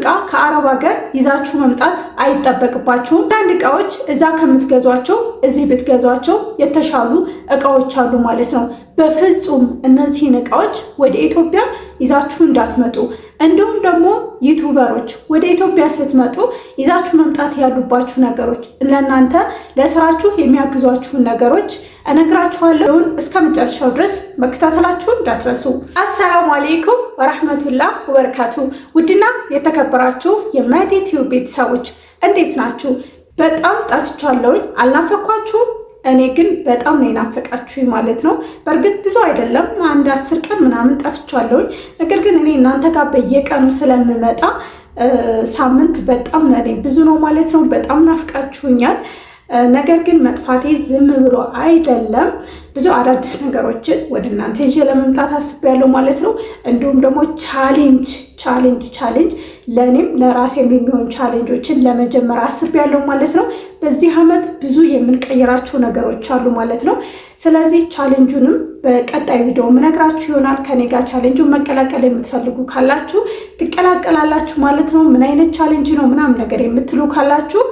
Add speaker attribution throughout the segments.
Speaker 1: እቃ ከአረብ ሀገር ይዛችሁ መምጣት አይጠበቅባችሁም። አንዳንድ እቃዎች እዛ ከምትገዟቸው እዚህ ብትገዟቸው የተሻሉ እቃዎች አሉ ማለት ነው። በፍጹም እነዚህን እቃዎች ወደ ኢትዮጵያ ይዛችሁ እንዳትመጡ። እንዲሁም ደግሞ ዩቱበሮች ወደ ኢትዮጵያ ስትመጡ ይዛችሁ መምጣት ያሉባችሁ ነገሮች፣ ለእናንተ ለስራችሁ የሚያግዟችሁን ነገሮች እነግራችኋለሁ። እስከ መጨረሻው ድረስ መከታተላችሁን እንዳትረሱ። አሰላሙ አሌይኩም ወራህመቱላ ወበረካቱ። ውድና የተከበራችሁ የማዲቲዩ ቤተሰቦች እንዴት ናችሁ? በጣም ጠፍቻለሁኝ፣ አልናፈኳችሁም? እኔ ግን በጣም ነው የናፈቃችሁ ማለት ነው። በእርግጥ ብዙ አይደለም አንድ አስር ቀን ምናምን ጠፍቻለሁኝ። ነገር ግን እኔ እናንተ ጋር በየቀኑ ስለምመጣ ሳምንት በጣም እኔ ብዙ ነው ማለት ነው። በጣም ናፍቃችሁኛል። ነገር ግን መጥፋቴ ዝም ብሎ አይደለም። ብዙ አዳዲስ ነገሮችን ወደ እናንተ ይዤ ለመምጣት አስቤያለሁ ማለት ነው። እንዲሁም ደግሞ ቻሌንጅ ቻሌንጅ ቻሌንጅ ለእኔም ለራሴም የሚሆን ቻሌንጆችን ለመጀመር አስቤያለሁ ማለት ነው። በዚህ ዓመት ብዙ የምንቀይራቸው ነገሮች አሉ ማለት ነው። ስለዚህ ቻሌንጁንም በቀጣይ ቪዲዮ ምነግራችሁ ይሆናል። ከኔ ጋር ቻሌንጁን መቀላቀል የምትፈልጉ ካላችሁ ትቀላቀላላችሁ ማለት ነው። ምን አይነት ቻሌንጅ ነው ምናምን ነገር የምትሉ ካላችሁ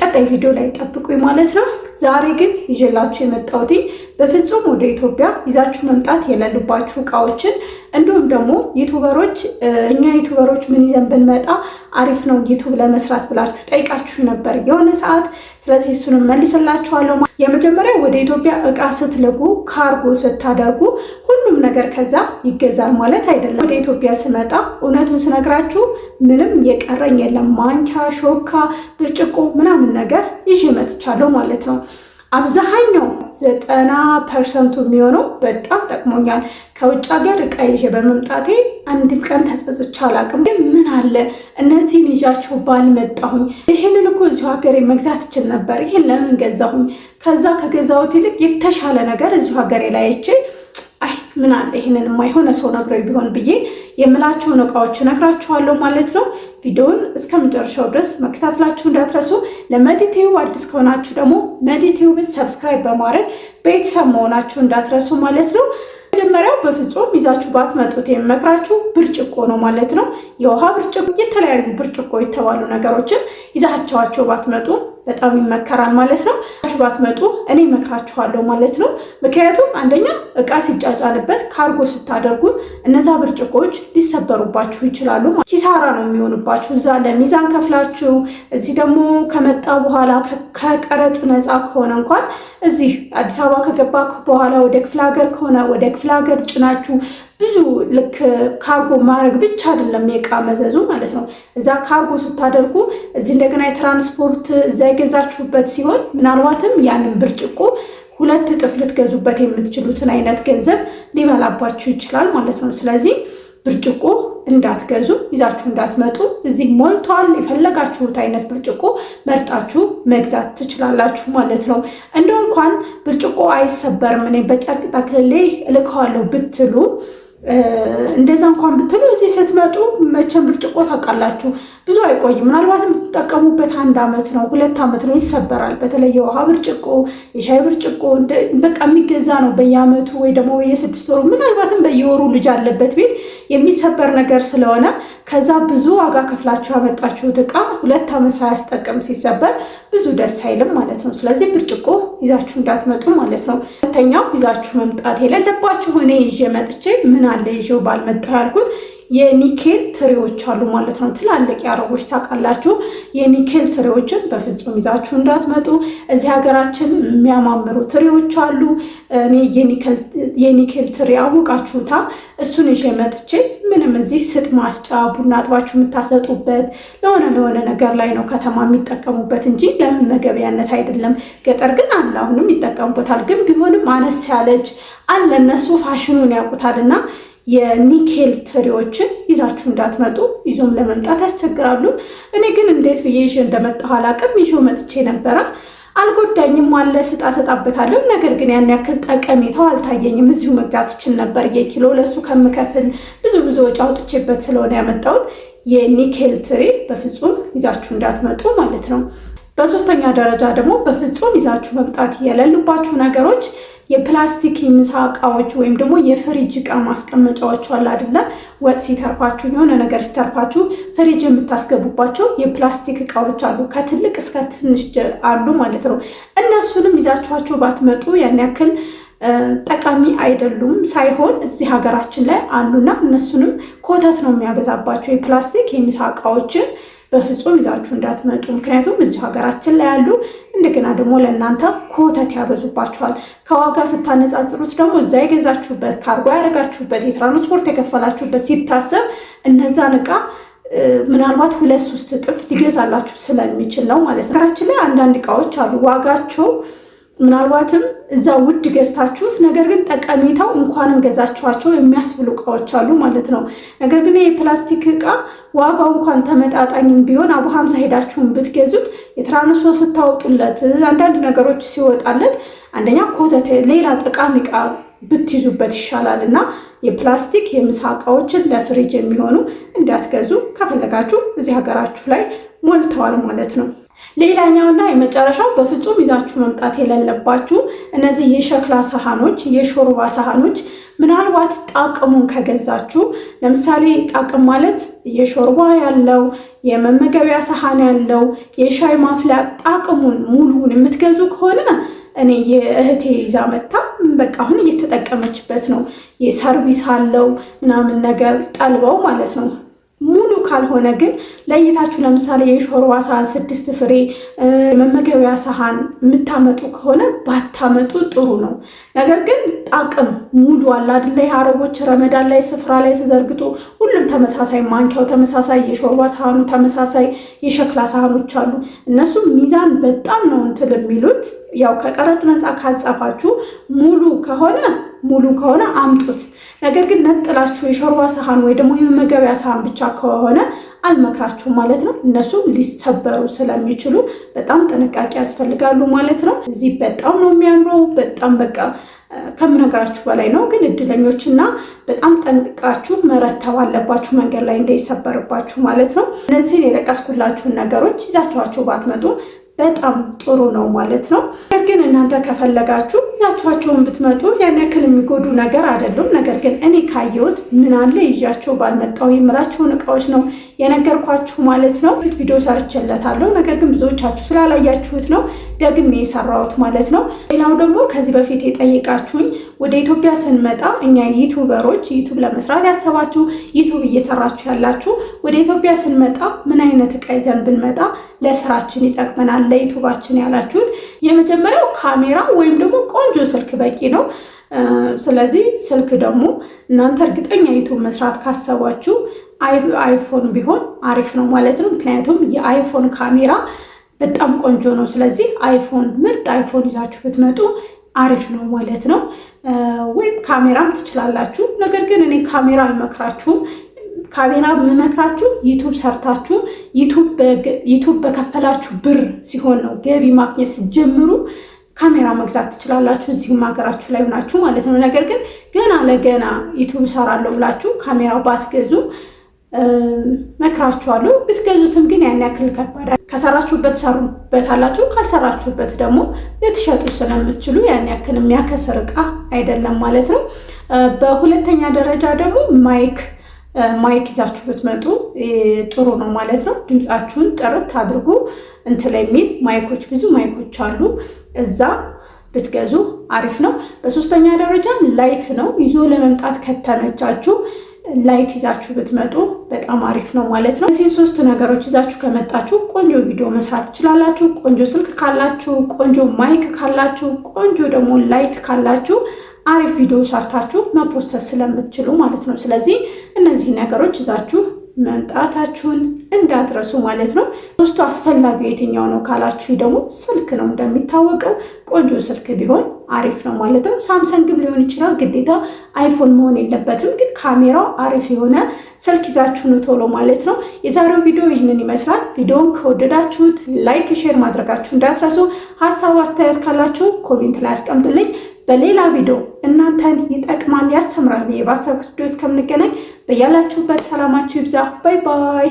Speaker 1: ቀጣይ ቪዲዮ ላይ ጠብቁኝ ማለት ነው። ዛሬ ግን ይዤላችሁ የመጣሁት በፍጹም ወደ ኢትዮጵያ ይዛችሁ መምጣት የለሉባችሁ እቃዎችን እንዲሁም ደግሞ ዩቱበሮች እኛ ዩቱበሮች ምን ይዘን ብንመጣ አሪፍ ነው ዩቱብ ለመስራት ብላችሁ ጠይቃችሁ ነበር የሆነ ሰዓት። ስለዚህ እሱንም መልስላችኋለሁ። የመጀመሪያው ወደ ኢትዮጵያ እቃ ስትልጉ ካርጎ ስታደርጉ ሁሉም ነገር ከዛ ይገዛል ማለት አይደለም። ወደ ኢትዮጵያ ስመጣ እውነቱን ስነግራችሁ ምንም የቀረኝ የለም። ማንኪያ፣ ሾካ፣ ብርጭቆ ምናምን ነገር ይዤ መጥቻለሁ ማለት ነው። አብዛሃኛው ዘጠና ፐርሰንቱ የሚሆነው በጣም ጠቅሞኛል። ከውጭ ሀገር እቃ ይዤ በመምጣቴ አንድም ቀን ተጸጽቼ አላውቅም። ግን ምን አለ እነዚህን ይዣችሁ ባልመጣሁኝ። ይህንን እኮ እዚሁ ሀገሬ መግዛት እችል ነበር። ይህን ለምን ገዛሁኝ? ከዛ ከገዛሁት ይልቅ የተሻለ ነገር እዚሁ ሀገሬ ላይ ይቼ አይ ምን አለ ይህንን የማይሆነ ሰው ነግሮ ቢሆን ብዬ የምላቸውን እቃዎች እነግራችኋለሁ ማለት ነው። ቪዲዮውን እስከ መጨረሻው ድረስ መከታተላችሁ እንዳትረሱ። ለመዲቲዩብ አዲስ ከሆናችሁ ደግሞ መዲቲዩብን ሰብስክራይብ በማድረግ ቤተሰብ መሆናችሁ እንዳትረሱ ማለት ነው። መጀመሪያው በፍጹም ይዛችሁ ባትመጡት የሚመክራችሁ ብርጭቆ ነው ማለት ነው። የውሃ ብርጭቆ፣ የተለያዩ ብርጭቆ የተባሉ ነገሮችን ይዛቸዋቸው ባትመጡ በጣም ይመከራል ማለት ነው። ባትመጡ እኔ መክራችኋለሁ ማለት ነው። ምክንያቱም አንደኛ እቃ ሲጫጫልበት ካርጎ ስታደርጉ እነዛ ብርጭቆዎች ሊሰበሩባችሁ ይችላሉ። ኪሳራ ነው የሚሆንባችሁ። እዛ ለሚዛን ከፍላችሁ እዚህ ደግሞ ከመጣ በኋላ ከቀረጥ ነፃ ከሆነ እንኳን እዚህ አዲስ አበባ ከገባ በኋላ ወደ ክፍለ ሀገር ከሆነ ወደ ክፍለ ሀገር ጭናችሁ ብዙ ልክ ካርጎ ማድረግ ብቻ አይደለም የእቃ መዘዙ ማለት ነው። እዛ ካርጎ ስታደርጉ እዚህ እንደገና የትራንስፖርት እዛ የገዛችሁበት ሲሆን ምናልባትም ያንን ብርጭቆ ሁለት እጥፍ ልትገዙበት የምትችሉትን አይነት ገንዘብ ሊበላባችሁ ይችላል ማለት ነው። ስለዚህ ብርጭቆ እንዳትገዙ ይዛችሁ እንዳትመጡ። እዚህ ሞልቷል፣ የፈለጋችሁት አይነት ብርጭቆ መርጣችሁ መግዛት ትችላላችሁ ማለት ነው። እንደው እንኳን ብርጭቆ አይሰበርም እኔ በጨርቅ ጠቅልሌ እልከዋለሁ ብትሉ እንደዛ እንኳን ብትሉ እዚህ ስትመጡ መቼም ብርጭቆ ታውቃላችሁ ብዙ አይቆይም። ምናልባትም የምትጠቀሙበት አንድ ዓመት ነው ሁለት ዓመት ነው፣ ይሰበራል። በተለይ የውሃ ብርጭቆ፣ የሻይ ብርጭቆ በቃ የሚገዛ ነው በየአመቱ ወይ ደግሞ የስድስት ወሩ ምናልባትም በየወሩ ልጅ አለበት ቤት የሚሰበር ነገር ስለሆነ ከዛ ብዙ ዋጋ ከፍላችሁ ያመጣችሁት እቃ ሁለት ዓመት ሳያስጠቅም ሲሰበር ብዙ ደስ አይልም ማለት ነው። ስለዚህ ብርጭቆ ይዛችሁ እንዳትመጡ ማለት ነው። ሁለተኛው ይዛችሁ መምጣት የሌለባችሁ እኔ ይዤ መጥቼ ምን አለ ይዤው ባልመጣ ያልኩት የኒኬል ትሪዎች አሉ ማለት ነው። ትላልቅ የአረቦች ታውቃላችሁ። የኒኬል ትሪዎችን በፍጹም ይዛችሁ እንዳትመጡ። እዚህ ሀገራችን የሚያማምሩ ትሪዎች አሉ። እኔ የኒኬል ትሪ አውቃችሁታ። እሱን ይዤ መጥቼ ምንም እዚህ ስጥ ማስጫ ቡና አጥባችሁ የምታሰጡበት ለሆነ ለሆነ ነገር ላይ ነው ከተማ የሚጠቀሙበት እንጂ ለመመገቢያነት አይደለም። ገጠር ግን አለ፣ አሁንም ይጠቀሙበታል። ግን ቢሆንም አነስ ያለች አለ። እነሱ ፋሽኑን ያውቁታል እና የኒኬል ትሪዎችን ይዛችሁ እንዳትመጡ ይዞም ለመምጣት ያስቸግራሉ። እኔ ግን እንዴት ብዬ ይዤ እንደመጣሁ አላቅም። ይዤው መጥቼ ነበረ አልጎዳኝም አለ ስጣ ሰጣበታለሁ። ነገር ግን ያን ያክል ጠቀሜታው አልታየኝም። እዚሁ መግዛት እችል ነበር። የኪሎ ለሱ ከምከፍል ብዙ ብዙ ወጪ አውጥቼበት ስለሆነ ያመጣሁት የኒኬል ትሪ በፍጹም ይዛችሁ እንዳትመጡ ማለት ነው። በሶስተኛ ደረጃ ደግሞ በፍጹም ይዛችሁ መምጣት የሌሉባችሁ ነገሮች የፕላስቲክ የምሳ እቃዎች ወይም ደግሞ የፍሪጅ እቃ ማስቀመጫዎች አለ አይደለ? ወጥ ሲተርፋችሁ፣ የሆነ ነገር ሲተርፋችሁ ፍሪጅ የምታስገቡባቸው የፕላስቲክ እቃዎች አሉ፣ ከትልቅ እስከ ትንሽ አሉ ማለት ነው። እነሱንም ይዛችኋቸው ባትመጡ ያን ያክል ጠቃሚ አይደሉም ሳይሆን እዚህ ሀገራችን ላይ አሉና እነሱንም ኮተት ነው የሚያበዛባቸው የፕላስቲክ የምሳ እቃዎችን በፍጹም ይዛችሁ እንዳትመጡ። ምክንያቱም እዚሁ ሀገራችን ላይ ያሉ እንደገና ደግሞ ለእናንተ ኮተት ያበዙባችኋል። ከዋጋ ስታነጻጽሩት ደግሞ እዛ የገዛችሁበት ካርጎ ያደረጋችሁበት የትራንስፖርት የከፈላችሁበት ሲታሰብ እነዛን እቃ ምናልባት ሁለት ሶስት እጥፍ ሊገዛላችሁ ስለሚችል ነው ማለት ነው። ሀገራችን ላይ አንዳንድ እቃዎች አሉ ዋጋቸው ምናልባትም እዛ ውድ ገዝታችሁት ነገር ግን ጠቀሜታው እንኳንም ገዛችኋቸው የሚያስብሉ እቃዎች አሉ ማለት ነው። ነገር ግን የፕላስቲክ እቃ ዋጋው እንኳን ተመጣጣኝም ቢሆን አቡ ሀምሳ ሄዳችሁን ብትገዙት የትራንስፖርት ስታወጡለት አንዳንድ ነገሮች ሲወጣለት አንደኛ ኮተት፣ ሌላ ጠቃሚ እቃ ብትይዙበት ይሻላል እና የፕላስቲክ የምሳ እቃዎችን ለፍሪጅ የሚሆኑ እንዳትገዙ ከፈለጋችሁ እዚህ ሀገራችሁ ላይ ሞልተዋል ማለት ነው። ሌላኛውና የመጨረሻው በፍጹም ይዛችሁ መምጣት የሌለባችሁ እነዚህ የሸክላ ሳህኖች፣ የሾርባ ሳህኖች ምናልባት ጣቅሙን ከገዛችሁ ለምሳሌ ጣቅም ማለት የሾርባ ያለው የመመገቢያ ሳህን ያለው የሻይ ማፍለያ ጣቅሙን ሙሉውን የምትገዙ ከሆነ እኔ የእህቴ ይዛ መታ በቃ አሁን እየተጠቀመችበት ነው። የሰርቪስ አለው ምናምን ነገር ጠልበው ማለት ነው ካልሆነ ግን ለይታችሁ ለምሳሌ የሾርባ ሳህን ስድስት ፍሬ መመገቢያ ሳህን የምታመጡ ከሆነ ባታመጡ ጥሩ ነው። ነገር ግን ጣቅም ሙሉ አለ አይደለ? የአረቦች ረመዳን ላይ ስፍራ ላይ ተዘርግቶ ሁሉም ተመሳሳይ፣ ማንኪያው ተመሳሳይ፣ የሾርባ ሳህኑ ተመሳሳይ፣ የሸክላ ሳህኖች አሉ። እነሱም ሚዛን በጣም ነው እንትን የሚሉት ያው ከቀረጥ ነፃ ካጻፋችሁ ሙሉ ከሆነ ሙሉ ከሆነ አምጡት። ነገር ግን ነጥላችሁ የሾርባ ሳህን ወይ ደግሞ የመመገቢያ ሳህን ብቻ ከሆነ አልመክራችሁም ማለት ነው። እነሱም ሊሰበሩ ስለሚችሉ በጣም ጥንቃቄ ያስፈልጋሉ ማለት ነው። እዚህ በጣም ነው የሚያምረው። በጣም በቃ ከምነግራችሁ በላይ ነው። ግን እድለኞች እና በጣም ጠንቅቃችሁ መረተብ አለባችሁ መንገድ ላይ እንዳይሰበርባችሁ ማለት ነው። እነዚህን የጠቀስኩላችሁን ነገሮች ይዛችኋቸው ባትመጡ በጣም ጥሩ ነው ማለት ነው። ነገር ግን እናንተ ከፈለጋችሁ ይዛችኋቸውን ብትመጡ ያን ያክል የሚጎዱ ነገር አይደሉም። ነገር ግን እኔ ካየሁት ምን አለ ይዣቸው ባልመጣው የምላቸውን እቃዎች ነው የነገርኳችሁ ማለት ነው። ፊት ቪዲዮ ሰርቼለታለሁ። ነገር ግን ብዙዎቻችሁ ስላላያችሁት ነው ደግሜ የሰራሁት ማለት ነው። ሌላው ደግሞ ከዚህ በፊት የጠየቃችሁኝ ወደ ኢትዮጵያ ስንመጣ እኛ ዩቱበሮች ዩቱብ ለመስራት ያሰባችሁ ዩቱብ እየሰራችሁ ያላችሁ ወደ ኢትዮጵያ ስንመጣ ምን አይነት እቃ ይዘን ብንመጣ ለስራችን ይጠቅመናል ለዩቱባችን ያላችሁት የመጀመሪያው ካሜራ ወይም ደግሞ ቆንጆ ስልክ በቂ ነው። ስለዚህ ስልክ ደግሞ እናንተ እርግጠኛ ዩቱብ መስራት ካሰባችሁ አይፎን ቢሆን አሪፍ ነው ማለት ነው። ምክንያቱም የአይፎን ካሜራ በጣም ቆንጆ ነው። ስለዚህ አይፎን ምርጥ አይፎን ይዛችሁ ብትመጡ አሪፍ ነው ማለት ነው። ወይም ካሜራም ትችላላችሁ። ነገር ግን እኔ ካሜራ አልመክራችሁም። ካሜራ ብመክራችሁ ዩቱብ ሰርታችሁ ዩቱብ በከፈላችሁ ብር ሲሆን ነው ገቢ ማግኘት ስትጀምሩ ካሜራ መግዛት ትችላላችሁ፣ እዚሁም ሀገራችሁ ላይ ሆናችሁ ማለት ነው። ነገር ግን ገና ለገና ዩቱብ እሰራለሁ ብላችሁ ካሜራ ባትገዙ መክራችኋለሁ። ብትገዙትም ግን ያን ያክል ከባድ ከሰራችሁበት ሰሩበት አላችሁ፣ ካልሰራችሁበት ደግሞ ልትሸጡ ስለምትችሉ ያን ያክል የሚያከስር እቃ አይደለም ማለት ነው። በሁለተኛ ደረጃ ደግሞ ማይክ ማይክ ይዛችሁ ብትመጡ ጥሩ ነው ማለት ነው። ድምፃችሁን ጥርት አድርጉ እንትን ላይ የሚል ማይኮች ብዙ ማይኮች አሉ እዛ ብትገዙ አሪፍ ነው። በሶስተኛ ደረጃ ላይት ነው ይዞ ለመምጣት ከተመቻችሁ ላይት ይዛችሁ ብትመጡ በጣም አሪፍ ነው ማለት ነው። እዚህ ሶስት ነገሮች ይዛችሁ ከመጣችሁ ቆንጆ ቪዲዮ መስራት ትችላላችሁ። ቆንጆ ስልክ ካላችሁ፣ ቆንጆ ማይክ ካላችሁ፣ ቆንጆ ደግሞ ላይት ካላችሁ አሪፍ ቪዲዮ ሰርታችሁ መፖሰት ስለምትችሉ ማለት ነው። ስለዚህ እነዚህ ነገሮች ይዛችሁ መምጣታችሁን እንዳትረሱ ማለት ነው። ሶስቱ አስፈላጊው የትኛው ነው ካላችሁ ደግሞ ስልክ ነው። እንደሚታወቀው ቆንጆ ስልክ ቢሆን አሪፍ ነው ማለት ነው። ሳምሰንግም ሊሆን ይችላል፣ ግዴታ አይፎን መሆን የለበትም። ግን ካሜራው አሪፍ የሆነ ስልክ ይዛችሁ ነው ቶሎ ማለት ነው። የዛሬው ቪዲዮ ይህንን ይመስላል። ቪዲዮውን ከወደዳችሁት ላይክ፣ ሼር ማድረጋችሁ እንዳትረሱ። ሀሳብ አስተያየት ካላችሁ ኮሜንት ላይ አስቀምጡልኝ። በሌላ ቪዲዮ እናንተን ይጠቅማል፣ ያስተምራል ባሳብ ክስዶ እስከምንገናኝ በያላችሁበት ሰላማችሁ ይብዛ። ባይ ባይ